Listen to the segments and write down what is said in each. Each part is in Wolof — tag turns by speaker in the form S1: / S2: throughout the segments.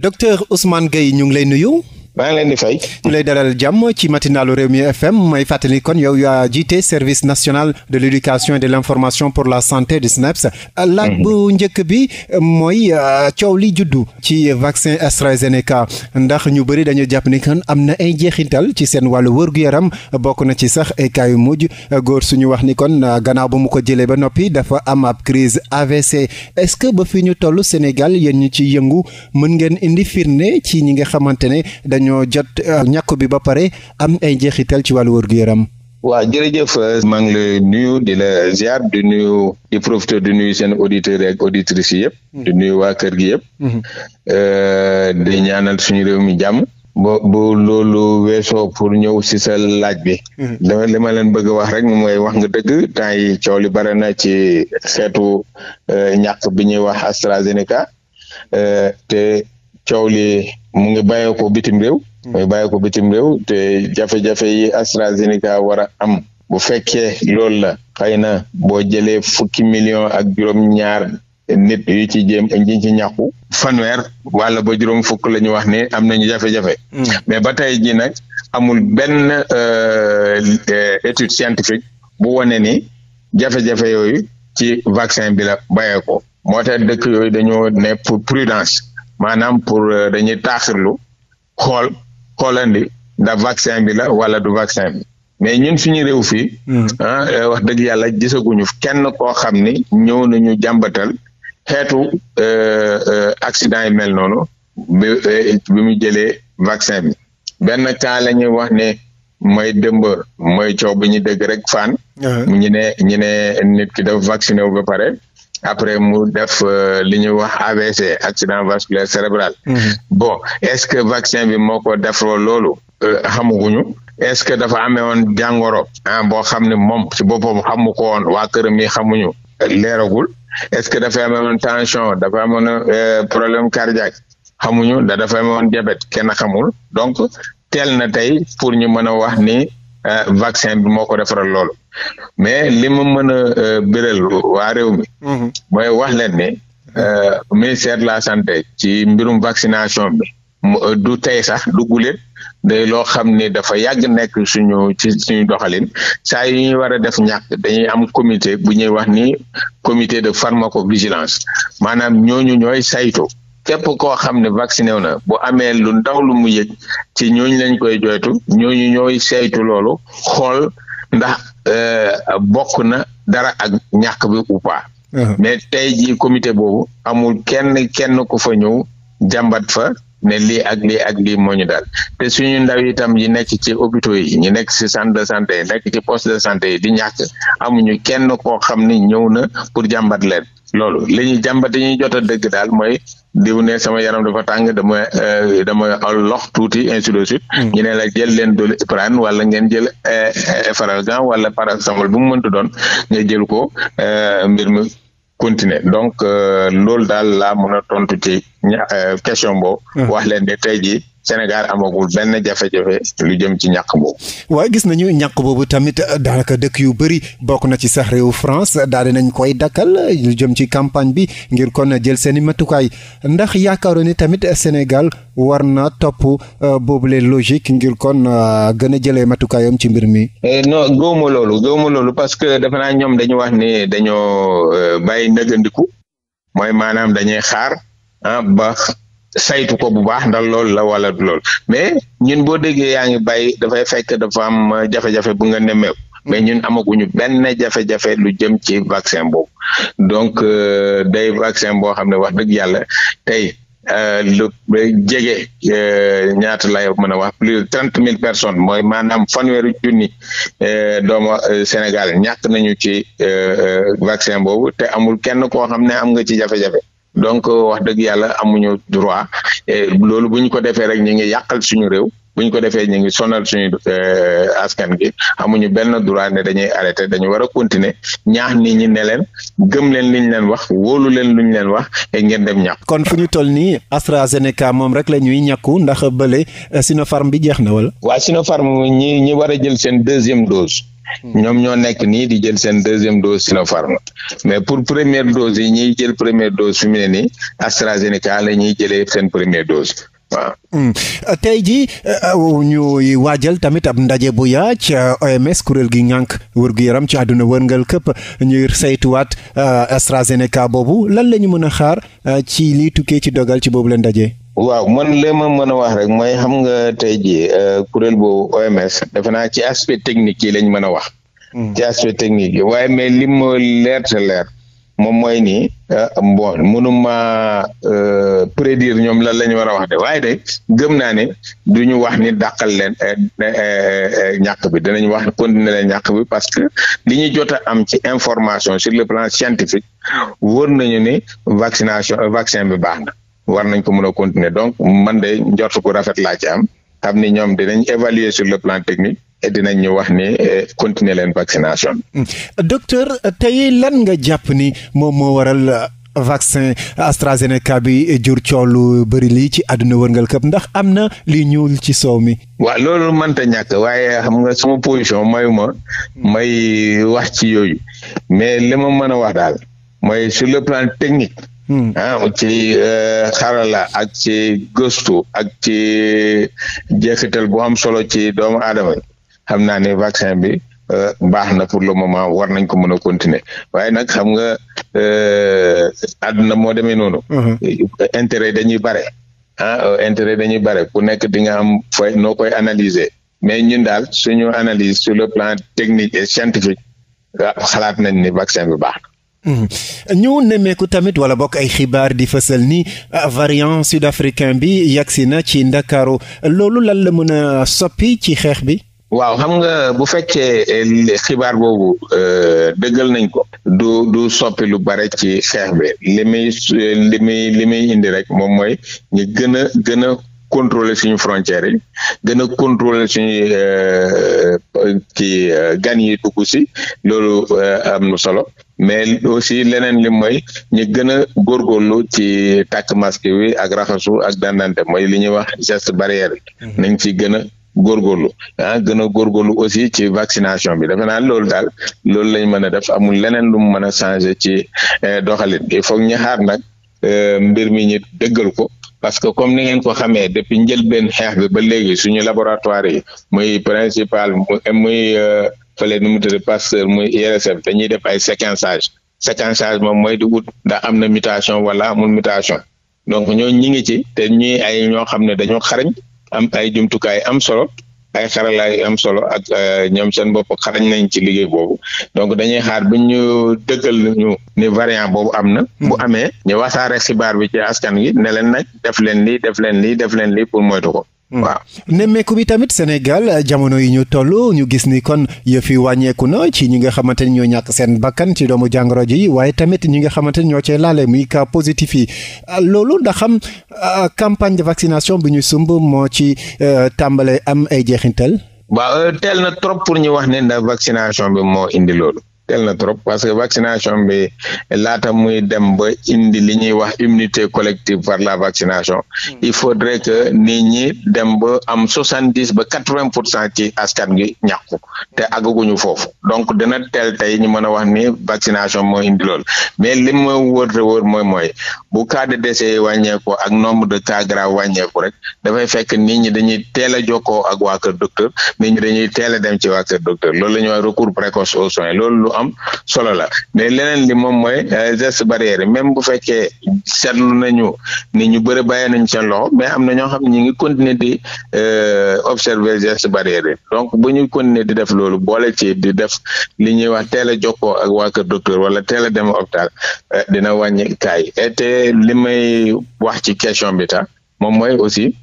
S1: docteur Ousmane Gueye ñu ngi lay nuyu. maa ngi leen di fay. ñu lay dalal jàmm ci matinalu Rewmi FM may fàttali kon yow yaa jiite service national de l' éducation et de l' information pour la santé du SNEIPS. laaj bu mhm. njëkk bi mooy euh, coow li juddu ci vaccin AstraZeneca ndax ñu bëri dañu jàpp ni kan am na ay jeexintal ci seen wàllu wërgu-yaram bokk na ci sax ay cas yu mujj góor suñu wax ni kon euh, gannaaw ba mu ko jëlee ba noppi dafa am ab crise AVC est-ce que ba fi ñu toll Sénégal yéen ñu ci yëngu mën ngeen indi firnde ci ñi nga xamante ñoo jot euh, ñàkku bi ba pare am ay njeexital ci wàllu wér-gu-yaram.
S2: waaw jërëjëf euh, maa ngi lay nuyu di la ziar di nuyu di profité di nuyu seen auditeurs ak auditrices yëpp. Hmm. di nuyu waa kër gi yëpp. Hmm. Euh, di ñaanal suñu réew mi jàmm. bo bu loolu weesoo pour ñëw si sa laaj bi. dama hmm. li ma leen bëgg wax rek mooy wax nga dëgg temps yi coow li bare na ci xeetu ñàkk bi ñuy wax AstraZeneca te. coow li mu ngi bàyyee bitim réew. mu hmm. ngi bàyyee ko réew te jafe-jafe yi AstraZeneca war a am. bu fekkee loolu la xëy na boo jëlee fukki million ak juróom-ñaar nit yu ci jéem ñi ci ñàkku fanweer wala ba juróom fukk la ñu wax ne am nañu jafe-jafe. Hmm. mais ba tey jii nag amul benn euh, euh, étude scientifique bu wane ni jafe-jafe yooyu ci vaccin bi la bàyyee ko moo tax yooyu dañoo ne pour prudence. maanaam pour euh, dañuy taaxirlu xool xoolandi da vaccin bi la wala du vaccin bi mais ñun suñu réew fii. Hmm. Ah, euh, wax dëgg yàlla gisaguñu kenn koo xam ni ñëw nañu jàmbatal xeetu euh, accident yi mel noonu bi bi mu jëlee vaccin bi benn cas la ñuy wax ne. mooy dëmb mooy coow bi ñu dégg rek fan. ñu ne ñu ne nit ki def vacciné wu ba pare après mu def euh, li ñuy wax AVC accident vasculaire cérébral mhm. bon est-ce que vaccin bi moo ko defloo loolu euh, xamaguñu est-ce que dafa amee woon jàngoro ah boo xam ne moom ci boppam xamu ko woon waa këram yi xamuñu leeragul est-ce que dafa amee woon tension dafa amoon euh, problème cardiaque xamuñu da dafa amee woon diabète kenn xamul donc teel na tey pour ñu mën a wax ni vaccin bi moo ko defaral loolu mais li ma mën a euh, béral waa réew mi. Mhm. mooy wax leen ne euh, ministère de la santé ci mbirum vaccination bi euh, du tey sax du guléet day loo xam ni dafa yàgg nekk suñu ci suñu doxalin saa yu ñuy war a def ñàkk dañuy am comité bu ñuy wax ni comité de pharmacovigilance maanaam ñooñu ñooy sayto képp koo xam ne vacciné wu na bu amee lu ndaw lu mu yëg ci ñooñu lañ koy joytu ñooñu ñooy saytu loolu xool ndax euh, bokk na dara ak ñàkk bi ou uh-huh. mais tey jii comité boobu amul kenn kenn ku fa ñëw jàmbat fa ne lii ak lii ak lii moo ñu daal te suñu ndaw itam yi nekk ci hôpitaux yi ñu nekk ci centre de santé yi nekk ci poste de santé yi di ñàkk amuñu kenn koo xam ne ñëw na pour jàmbat leen loolu li ñuy jàmbat yi ñuy jot a daal mooy diw ne sama yaram fa tàng dama euh, dama lox tuuti ainsi de suite mm. ñu la jël leen dolu iprane wala ngeen jël euh, efferalgan wala par exemple bu mu mënta doon nga jël ko euh, mbir mi continuer donc loolu daal laa mën a tontu ci question boobu mm. wax leen ne tey jii Sénégal amagul benn jafe-jafe lu jëm ci ñàkk boobu.
S1: waaye gis nañu ñàkk boobu tamit daanaka dëkk yu bëri bokk na ci sax réew France daal nañ koy dakkal lu jëm ci campagne bi ngir kon jël seen i matukaay ndax yaakaaroon ni tamit Sénégal war na topp euh, boobule logique ngir kon euh, gën a jëlee matukaayam ci mbir mi.
S2: Eh, non gëwuma loolu gëwuma loolu parce que defe naa ñoom dañu wax ne dañoo euh, bàyyi nëgëndiku mooy maanaam dañuy xaar ah ba saytu ko bu baax ndax loolu la wala lool mais ñun boo déggee yaa ngi bàyyi dafay fekk dafa am euh, jafe-jafe bu nga nemmeeku. mais ñun amaguñu benn jafe-jafe lu jëm ci vaccin boobu donc euh, day vaccin boo xam ne wax dëgg yàlla tey euh, lu jege ñaata lay mën a wax plus de trente mille personnes mooy maanaam fanweeri junni doomu Sénégal ñàkk nañu ci vaccin boobu te amul kenn koo xam ne am nga ci jafe-jafe donc euh, wax dëgg yàlla amuñu droit loolu bu ñu ko defee rek ñu ngi yàqal suñu réew bu ñu ko defee ñu ngi sonal suñu euh, askan bi amuñu benn droit ne dañuy arrêté dañu war a continuer ñaax nit ñi ne leen gëm leen liñ leen wax wóolu leen luñ leen wax e ngeen dem ñàkk.
S1: kon fu ñu toll nii AstraZeneca moom rek la ñuy ñàkku ndax bële euh, Sinopharm bi jeex na wala.
S2: waa Sinopharm ñi ñi war a jël seen deuxième dose. ñoom ñoo nekk nii di jël seen deuxième dose Sinopharm mais pour première dose yi ñuy jël première dose fi mu ne nii AstraZeneca la ñuy jëlee seen première dose
S1: waa hmm. euh, tey jii euh, euh, ñuy waajal tamit ab ndaje bu yaa ci OMS kuréel gi ñànk wërgu yaram ci àdduna wërngal këpp ñuy saytuwaat AstraZeneca boobu lan la ñu mën a xaar ci liy tukkee ci dogal ci boobu la ndaje.
S2: waaw man li ma mën a wax rek mooy xam nga tey jii euh, kuréel boobu OMS defe naa ci aspect technique yi lañ mën a wax. Hmm. ci aspect technique yi waaye mais li ma leer te leer moom mooy nii euh, bon mënuma euh, prédire ñoom lan la ñu war a wax de waaye de gëm naa ni du ñu wax ni dàqal leen ñàkk bi dinañ wax continuer leen ñàkk bi parce que li ñu jot a am ci information sur le plan scientifique wóor nañu ni vaccination vaccin bi baax na. war nañ ko mën a continuer donc man de njort gu rafet laa ci am xam ni ñoom dinañ évaluer sur le plan technique et dinañ ñu wax ni eh, continuer leen vaccination.
S1: Hmm. docteur tey lan nga jàpp ni moom moo waral. Euh, vaccin AstraZeneca bi jur coow lu bëri lii ci àdduna wërngal këpp ndax am na li ñuul ci soow mi.
S2: wa loolu mënta ñàkk waaye xam nga sama position mayuma may wax ci yooyu mais li ma mën a wax daal mooy sur le plan technique Hmm. a ah, ci eh, xarala ak ci gostu ak ci jeexital bu am solo ci doomu aadama yi xam naa ne vaccin bi eh, baax na pour le moment war nañ ko mën a continuer waaye nag xam nga eh, àdduna moo demee noonu. Uh-huh. intérêt dañuy bare ah intérêt dañuy bare ku nekk di nga am fooy noo koy analyser mais ñun daal suñu analyse sur le plan technique et scientifique ah, xalaat nañ ni vaccin bi baax
S1: Hmm. ñu nemmeeku tamit wala bokk ay xibaar di fësal ni ah, variant sud-africain bi yagsi na ci ndakaaru loolu lan la mën a soppi ci xeex bi.
S2: waaw xam nga bu fekkee eh, xibaar boobu eh, dëggal nañ ko. du du soppi lu bare ci xeex bi li muy li muy indi rek moom mooy ñu gën a gën a contrôler suñu frontières yi gën a contrôler suñu euh, kii euh, gan yi dugg si loolu euh, am na solo mais aussi leneen lim mooy ñu gën a góorgóorlu ci takk masque bi ak raxasu ak dandante mooy li ñuy wax geste barrière mhm. nañ ci gën a góorgóorlu ah gën a góorgóorlu aussi ci vaccination bi defe naa loolu daal loolu lañ mën a def amul leneen lu mu mën a changé ci doxalin il faut ñu xaar nag mbir mi ñu dëggal ko parce que comme ni ngeen ko xamee depuis njëlbeen xeex bi ba léegi suñu laboratoire yi muy principal eh, muy euh, fële nu mu tudd Pasteur muy IRSF dañuy def ay séquençage séquençage moom mooy di wut ndax am na mutation wala amul mutation donc ñoo ñi ngi ci te ñi ay ñoo xam ne dañoo xarañ am ay jumtukaay am solo ay xaralaay am solo ak euh, ñoom seen bopp xarañ nañ ci liggéey boobu donc dañuy xaar bu ñu dëggal ñu ni variant boobu am na. bu hmm. amee ñu wasaare xibaar bi ci askan wi ne leen nag def leen lii def leen lii def leen lii pour moytu ko.
S1: Mm. waaw nemmeeku bi tamit Sénégal euh, jamono yi ñu toll ñu gis ni kon yëf yi wàññeeku na ci ñi nga xamante ni ñoo ñàkk seen bakkan ci doomu jàngoro ji waaye tamit ñi nga xamante ni ñoo cee laale muy cas positif yi euh, loolu ndaxam xam euh, campagne de vaccination bi ñu sumb moo ci tàmbale am ay jeexintal.
S2: waaw teel na trop pour ñu wax ne ndax vaccination bi moo indi loolu. teel na trop parce que vaccination bi laata muy dem ba indi li ñuy wax immunité collective par la vaccination hmm. il faudrait que nit ñi dem ba am soixante dix ba quatre vingt pour cent ci askan gi ñàkku te àggaguñu foofu donc dina teel tey ñu mën a wax ni vaccination moo indi lool mais li ma wóor te wóor mooy mooy bu cas de décès yi wàññeeku ak nombre de cas grave wàññeeku rek dafay fekk nit ñi dañuy teel a jokkoo ak waa kër docteur nit ñi dañuy a dem ci waa docteur loolu la ñuy recours précoce am solo la mais leneen li moom mooy euh, geste barrière même bu fekkee seetlu ñu ni ñu bëri bàyyi nañ seen loxo mais am na ñoo xam ne ñu ngi continuer di euh, observer geste barrière yi donc bu ñu continuer di def loolu boole ci di def li ñuy wax teel a jokkoo ak waa docteur wala teel a dem hôpital euh, dina wàññi kaay et te li may wax ci question bi tax moom mooy aussi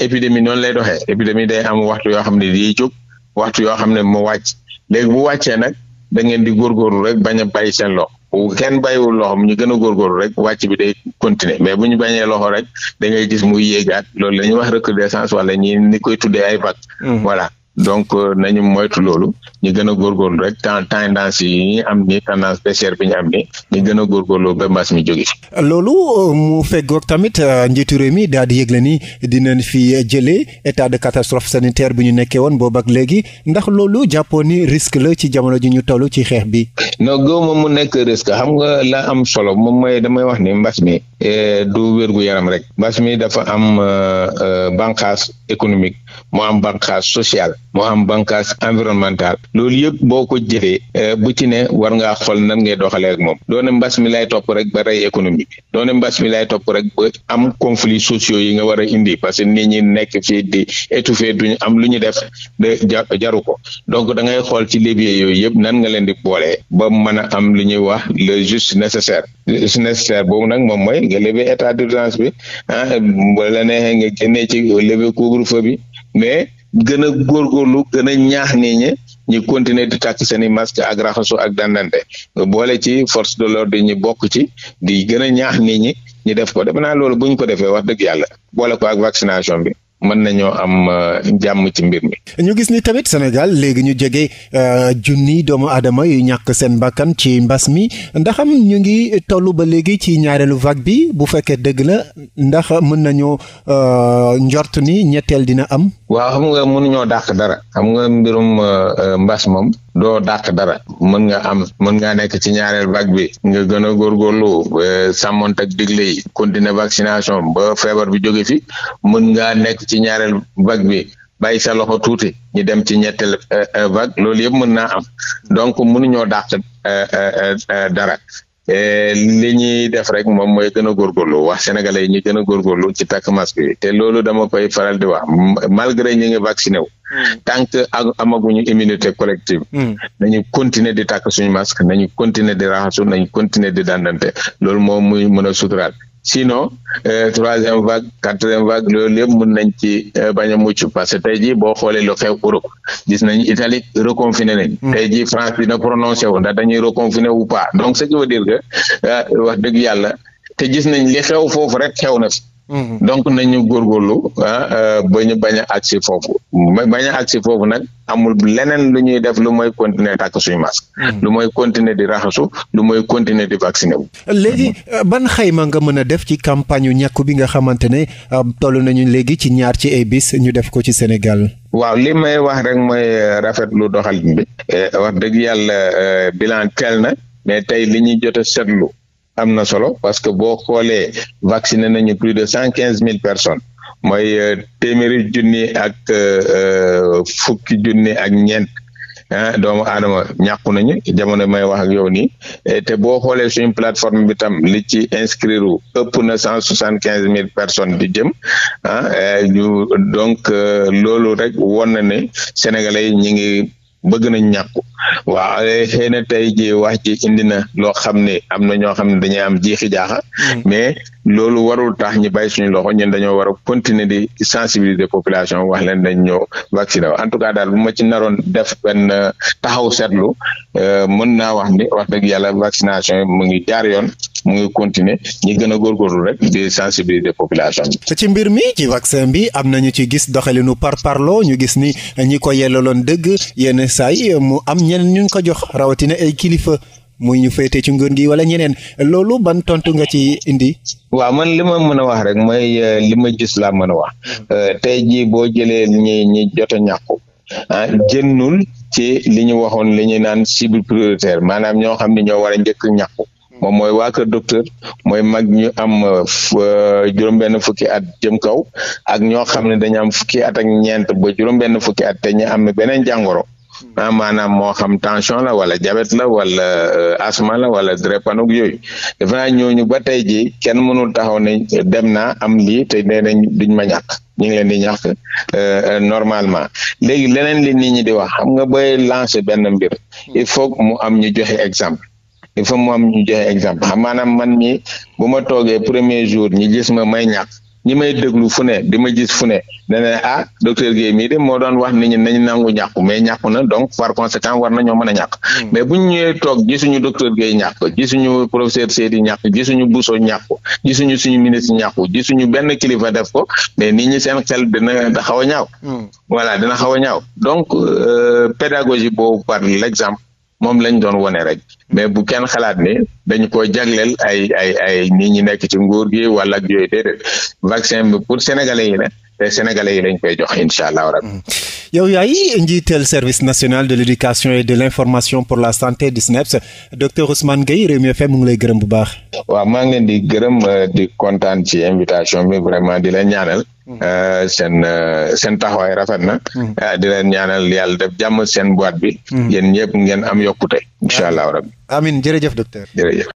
S2: épidémie noonu lay doxee épidémie day am waxtu yoo xam ne di jóg waxtu yoo xam ne mu wàcc léegi bu wàccee nag da ngeen di góorgóorlu rek bañ a bàyyi seen loxo bu kenn bàyyiwul loxo ñu gën a góorgóorlu rek wàcc bi day continuer mais bu ñu bañee loxo rek da ngay gis muy yéegaat loolu la ñuy wax recrudescence wala ñi ni koy tuddee ay vagues. Mm-hmm. voilà donc euh, nañu moytu loolu ñu gën a góorgóorlu rek temps tendance yi am ni tendance baissière bi ñu am ni ñu gën a góorgóorlu ba mbas mi jóge
S1: loolu euh, mu feggoog tamit euh, njiitu réew mi daal di yëgle ni dinañ fi jëlee état de catastrophe sanitaire bi ñu nekkee woon boobu ak léegi ndax loolu jàppoo ni risque la ci jamono ji ñu toll ci xeex bi.
S2: non góob moom mu nekk risque xam nga la am solo moom mooy damay wax ni mbas mi eh, du wérgu yaram rek mbas mi dafa am banqaas économique mu am banqaas sociale moo am bànqaas environnemental loolu yëpp boo ko jëfee eh, bu ci ne war ngaa xool nan ngay doxalee ak moom doone mbas mi lay topp rek ba rey économie bi doone topp rek ba am conflits sociaux yi nga war a indi parce que nit ñi nekk fii di étouffé duñu am lu ñu def de jaru ko donc da ngay xool ci levier yooyu yëpp nan nga leen di boolee ba mën a am lu ñuy wax le juste nécessaire juste nécessaire boobu nag moom mooy nga lever état d'urgence bi ah la neexee nga génnee ci lever couvre-feu bi mais gën a góorgóorlu gën a ñaax nit ñi ñu continuer di tàkk seen i masque ak raxasu ak dandante boole ci force de l'ordre ñu bokk ci di gën a ñaax nit ñi ñu def ko def naa loolu bu ñu ko defee wax dëgg yàlla boole ko ak vaccination bi mën nañoo am euh, jàmm ci mbir mi.
S1: ñu gis ni tamit Sénégal léegi ñu jege euh, junni doomu aadama yu ñàkk seen bakkan ci mbas mi ndaxam ñu ngi toll ba léegi ci ñaareelu vague bi bu fekkee dëgg la ndax mën nañoo euh, njort ni ñetteel dina am.
S2: waaw xam nga mënuñoo dàq dara. xam nga mbirum mbas moom. do dàq dara mën nga am mën ngaa nekk ci ñaareel vague bi nga gën a góorgóorlu eh, sàmmont ak digle yi continuer vaccination ba feebar bi jóge fi mën ngaa nekk ci ñaareel bag bi bàyyi sa loxo tuuti ñu dem ci ñetteel eh, eh, vague loolu yëpp mën naa am donc mënuñoo dàq dara li ñuy def rek moom mooy gën a góorgóorlu wax sénégalais yi ñu gën a ci takk masque bi te loolu dama koy faral di wax malgré ñu ngi vacciné wu Hmm. tant que amaguñu immunité collective. Hmm. nañu continuer di tàkk suñu masque nañu continuer di raxasu nañu continuer di dandante loolu moom muy mën a suturaal sinon euh, troisième vague quatrième vague loolu yëpp mun nañ ci euh, bañ a mucc parce que tey jii boo xoolee lu xew Europe gis nañ Italie reconfiné nañ. Hmm. tey jii France dina prononcé wu ndax dañuy reconfiné ou pas donc ce qui veut dire que euh, wax dëgg yàlla te gis nañ li xew foofu rek xew na fi. Mm-hmm. donc nañu góor góorlu ah, euh, ba ñu bañ a agsi foofu bañ a agsi foofu nag amul leneen lu ñuy def lu mooy continuer takk suñu masque. Mm-hmm. lu mooy continuer di raxasu lu mooy continuer di vacciné wu.
S1: léegi euh, ban xayma nga mën a def ci campagne yu ñàkk bi nga xamante ne euh, toll nañu léegi ci ñaar ci ay bis ñu def ko ci Sénégal.
S2: waaw li may wax rek mooy rafetlu doxalin bi. wax dëgg yàlla bilan teel na mais tey li ñuy jot a seetlu. am na solo parce que boo xoolee vacciné nañu plus de cent quinze mille personnes mooy euh, téeméeri junni ak euh, euh, fukki junni ak ñeent ah doomu aadama ñàkku nañu jamono may wax ak yow nii te boo xoolee suñu plateforme bi tam li ci inscrire ëpp na cent soixante quinze mille personnes di jëm ah donc loolu rek won na ne sénégalais yi ñi ngi bëgg nañ ñàkku waaw xëy na tey ji wax ji indi na loo xam ne am na ñoo xam ne dañuy am jiixi jaaxa mm. mais loolu warul tax ñu bàyyi suñu loxo ñun dañoo war a continuer di sensibiliser population wax leen dañ ñëw vacciné en tout cas daal bu ma ci naroon def benn euh, taxaw seetlu euh, mën naa wax ni wax dëgg yàlla vaccination yi mu ngi jaar yoon mu ngi continuer ñi gën a góorgóorlu rek di sensibiliser population bi.
S1: ci mbir mi ci vaccin bi am na ñu ci gis doxalinu par parlo ñu gis ni ñi ko yellaloon dëgg yenn saay mu am ñeneen ñu ko jox rawatina ay kilifa. muy ñu féete ci ngóor gi wala ñeneen loolu ban tontu nga ci indi.
S2: waaw man li ma mën a wax rek mooy euh, li ma gis laa mën a wax euh, tey jii boo jëlee ñi ñi jot a ñàkku ah jënnul ci li ñu waxoon li ñuy naan cible prioritaire maanaam ñoo xam ne ñoo war a njëkk ñàkku moom mooy waa kër docteur mooy mag ñu am euh, euh, juróom-benn fukki at jëm kaw ak ñoo xam ne dañu am fukki at ak ñeent ba juróom-benn fukki at te ñu am beneen jàngoro ah, maanaam moo xam tension la wala diabète la wala euh, asma la wala drépanoog yooyu defe naa ñooñu ba tey jii kenn mënul taxaw ne dem naa am lii te nee nañ duñ ma ñàkk ñu ngi leen di ñàkk normalement léegi leneen li nit ñi di wax xam nga bay lancer benn mbir il faut mu am ñu joxe exemple il faut mu am ñu joxe exemple xam maanaam man mi bu ma toogee premier jour ñi gis ma may ñàkk ñi may déglu fu ne di ma gis fu ne dana ah docteur Guèye mii de moo doon wax nit nañu nangu ñàkku mais ñàkku na donc par conséquent war nañoo mën a ñàkk hmm. mais bu ñu toog gisuñu docteur Guèye ñàkk gisuñu professeur Seydi ñàkk gisuñu Bousso ñàkk gisuñu suñu ministre ñàkku gisuñu benn kilifa def ko mais nit ñi seen xel dina xaw a ñaaw hmm. voilà dina xaw a ñaaw donc euh, pédagogie boobu par l'exemple moom lañ doon wone rek mais bu kenn xalaat ne dañu ko jagleel ay ay ay nit ñi nekk ci nguur gi wala ak yooyu déedéet vaccin bi pour sénégalais yi la te sénégalais yi lañ koy jox incha allah rabbi
S1: yow yaay njiital service national de l'éducation et de l'information pour la santé du SNEIPS e docteur Ousmane Gueye Rewmi FM mu ngi lay gërëm bu baax.
S2: waaw maa ngi leen di gërëm euh, di kontaan ci invitation bi vraiment di la ñaanal. Euh, seen euh, seen taxawaay rafet na. Mm. Euh, di leen ñaanal yàlla def jàmm seen boîte bi. Mm. yéen ñëpp ngeen am yokkute. incha allah rabbi.
S1: amiin jërëjëf docteur. jërëjëf.